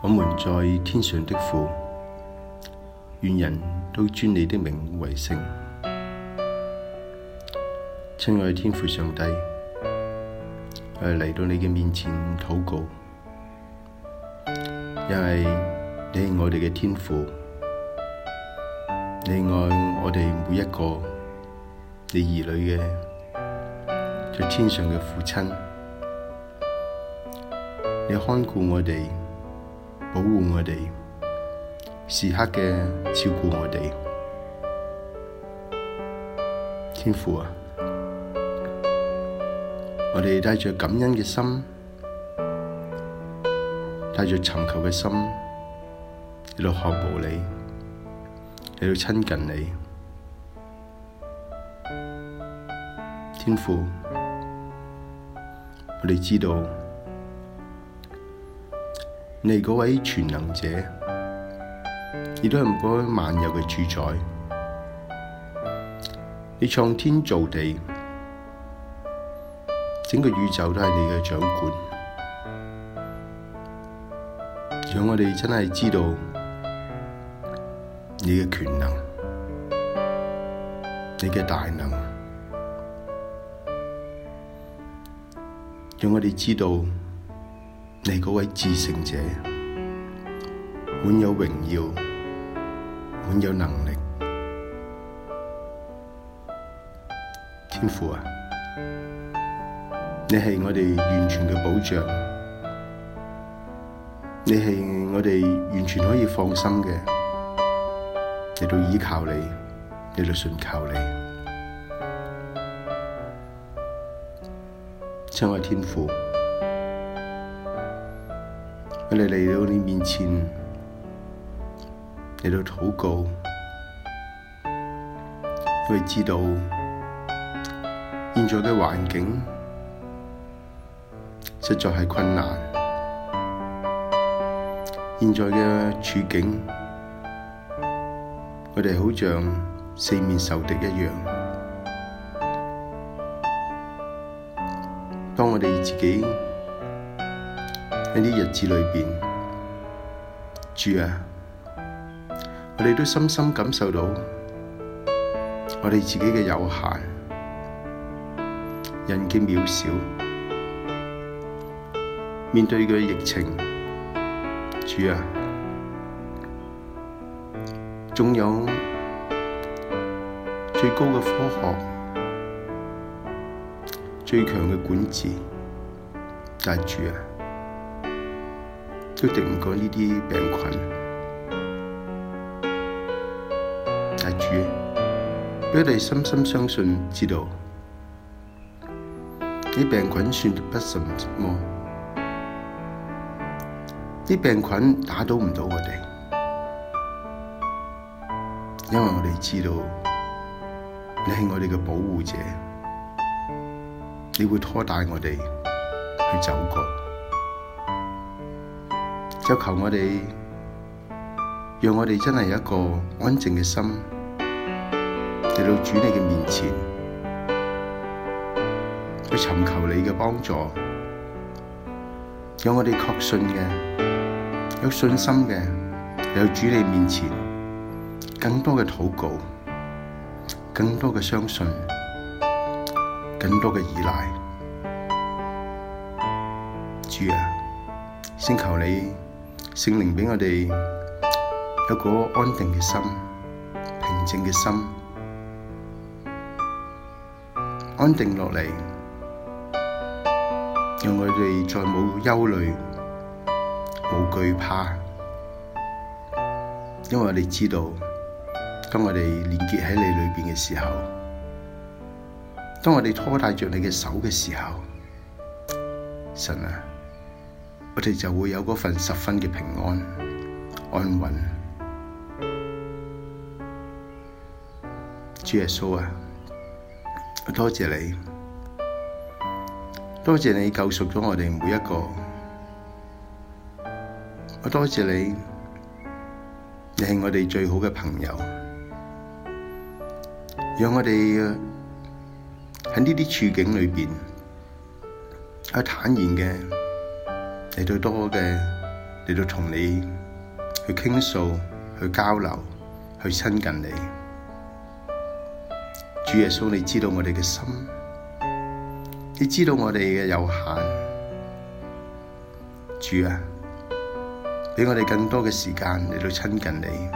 我們在天上的父，願人都尊你的名為聖。親愛天父上帝，我來到你嘅面前禱告，因為你係我哋嘅天父，你愛我哋每一個你兒女嘅。在天上嘅父親，你看顧我哋，保護我哋，時刻嘅照顧我哋，天父啊！我哋帶着感恩嘅心，帶着尋求嘅心嚟學步你，嚟親近你，天父。你知道，你係嗰位全能者，亦都係嗰位萬有嘅主宰。你創天造地，整個宇宙都係你嘅掌管。讓我哋真係知道你嘅權能，你嘅大能。讓我哋知道你係嗰位至聖者滿有榮耀，滿有能力，天父啊！你係我哋完全嘅保障，你係我哋完全可以放心嘅，嚟到依靠你，嚟到信靠你。親愛天父，我哋嚟到你面前，嚟到禱告，我哋知道現在嘅環境實在係困難，現在嘅處境，我哋好像四面受敵一樣。當我哋自己喺啲日子裏邊主啊，我哋都深深感受到我哋自己嘅有限，人嘅渺小。面對嘅疫情，主啊，仲有最高嘅科學，最強嘅管治，但係主啊，都敵唔過呢啲病菌。但係主啊，俾我哋深深相信，知道啲病菌算得不什乜？啲病菌打倒唔到我哋，因為我哋知道你係我哋嘅保護者。你會拖帶我哋去走過，就求我哋，讓我哋真係有一個安靜嘅心，嚟到主你嘅面前去尋求你嘅幫助，讓我哋確信嘅，有信心嘅，嚟到主你面前，更多嘅禱告，更多嘅相信。更多嘅依賴，主啊，先求你聖靈俾我哋有個安定嘅心、平靜嘅心、安定落嚟，讓我哋再冇憂慮、冇懼怕，因為我哋知道，當我哋連結喺你裏面嘅時候。當我哋拖帶着你嘅手嘅時候，神啊，我哋就會有嗰份十分嘅平安安穩。主耶穌啊，我多謝你，多謝你救贖咗我哋每一個，我多謝你，你係我哋最好嘅朋友，讓我哋。喺呢啲處境裏邊，喺坦然嘅嚟最多嘅嚟到同你去傾訴、去交流、去親近你。主耶穌，你知道我哋嘅心，你知道我哋嘅有限。主啊，畀我哋更多嘅時間嚟到親近你。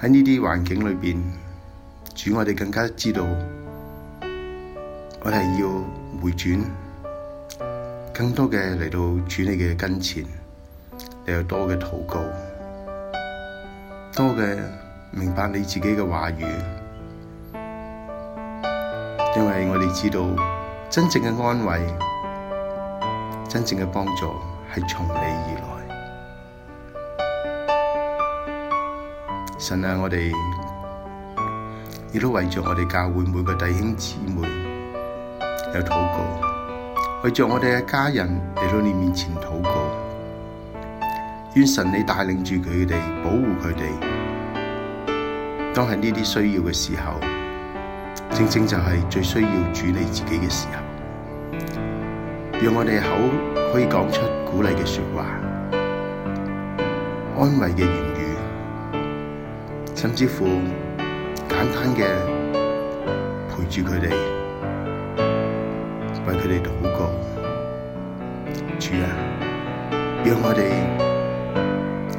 喺呢啲環境裏邊。主，我哋更加知道，我哋要回轉，更多嘅嚟到主你嘅跟前，你又多嘅禱告，多嘅明白你自己嘅話語，因為我哋知道真正嘅安慰、真正嘅幫助係從你而來。神啊，我哋。亦都為着我哋教會每個弟兄姊妹有禱告，為着我哋嘅家人嚟到你面前禱告，願神你帶領住佢哋，保護佢哋。當係呢啲需要嘅時候，正正就係最需要主你自己嘅時候。讓我哋口可以講出鼓勵嘅說話，安慰嘅言語，甚至乎。簡單嘅陪住佢哋，為佢哋禱告，主啊，讓我哋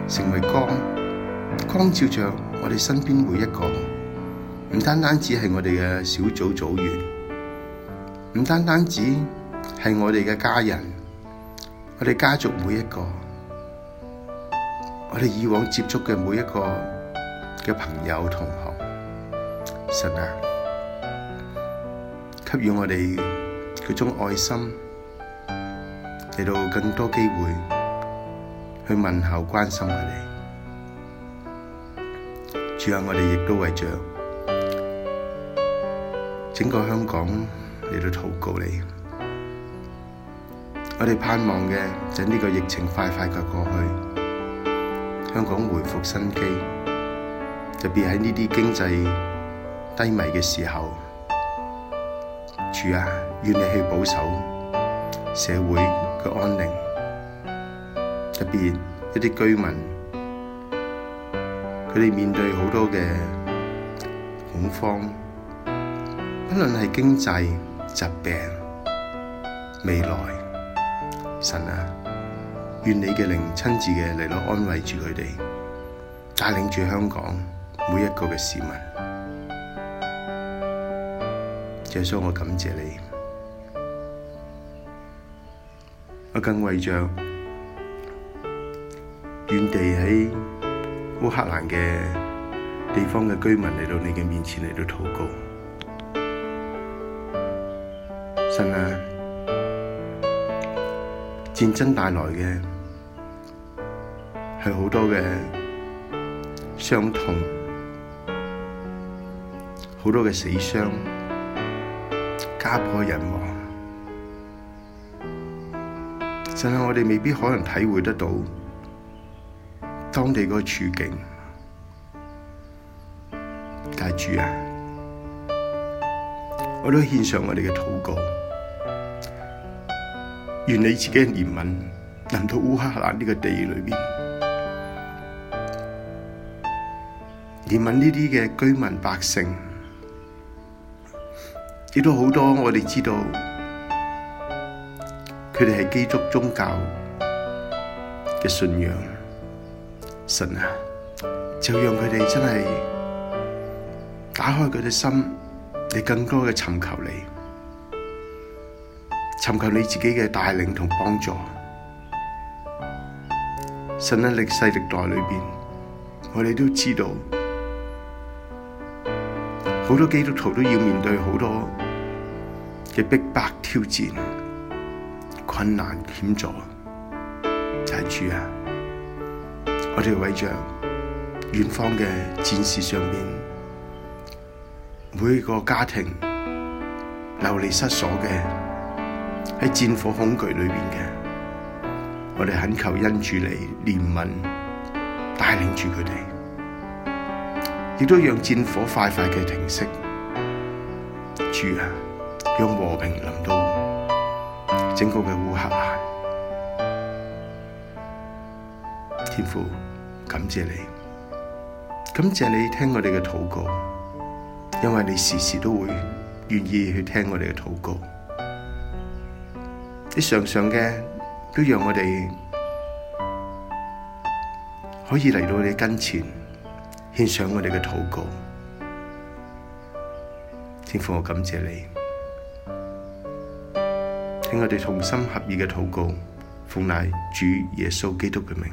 成為光，光照着我哋身邊每一個，唔單單只係我哋嘅小組組員，唔單單只係我哋嘅家人，我哋家族每一個，我哋以往接觸嘅每一個嘅朋友同。神啊，給予我哋嗰種愛心，嚟到更多機會去問候、關心佢哋。最後我哋亦都為着整個香港嚟到禱告你。我哋盼望嘅就係呢個疫情快快哋過去，香港回復生機，特別喺呢啲經濟。低迷嘅時候，主啊，願你去保守社會嘅安寧，特別一啲居民，佢哋面對好多嘅恐慌，不論係經濟、疾病、未來，神啊，願你嘅靈親自嘅嚟安慰住佢哋，帶領住香港每一個嘅市民。耶穌，我感謝你，我更為着遠地喺烏克蘭嘅地方嘅居民嚟到你嘅面前，嚟到禱告。神啊，戰爭帶來嘅係好多嘅傷痛，好多嘅死傷。家破人亡，就係我哋未必可能體會得到當地個處境。但係主啊，我都獻上我哋嘅禱告，願你自己憐憫，能到烏克蘭呢個地裏邊，憐憫呢啲嘅居民百姓。亦都好多我哋知道，佢哋係基督宗教嘅信仰，神啊，就讓佢哋真係打開佢哋心，嚟更多嘅尋求你，尋求你自己嘅帶領同幫助。神喺，啊，歷世歷代裏面，我哋都知道，好多基督徒都要面對好多。嘅逼迫挑戰、困難險阻，就係主啊！我哋為着遠方嘅戰士上面，每個家庭流離失所嘅，喺戰火恐懼裏面嘅，我哋懇求恩主嚟憐憫，帶領住佢哋，亦都讓戰火快快嘅停息，主啊！讓和平臨到整個嘅烏克蘭，天父感謝你，感謝你聽我哋嘅禱告，因為你時時都會願意去聽我哋嘅禱告，你常常嘅都讓我哋可以嚟到你跟前，獻上我哋嘅禱告，天父我感謝你。聽我哋同心合意嘅禱告，奉乃主耶穌基督嘅名。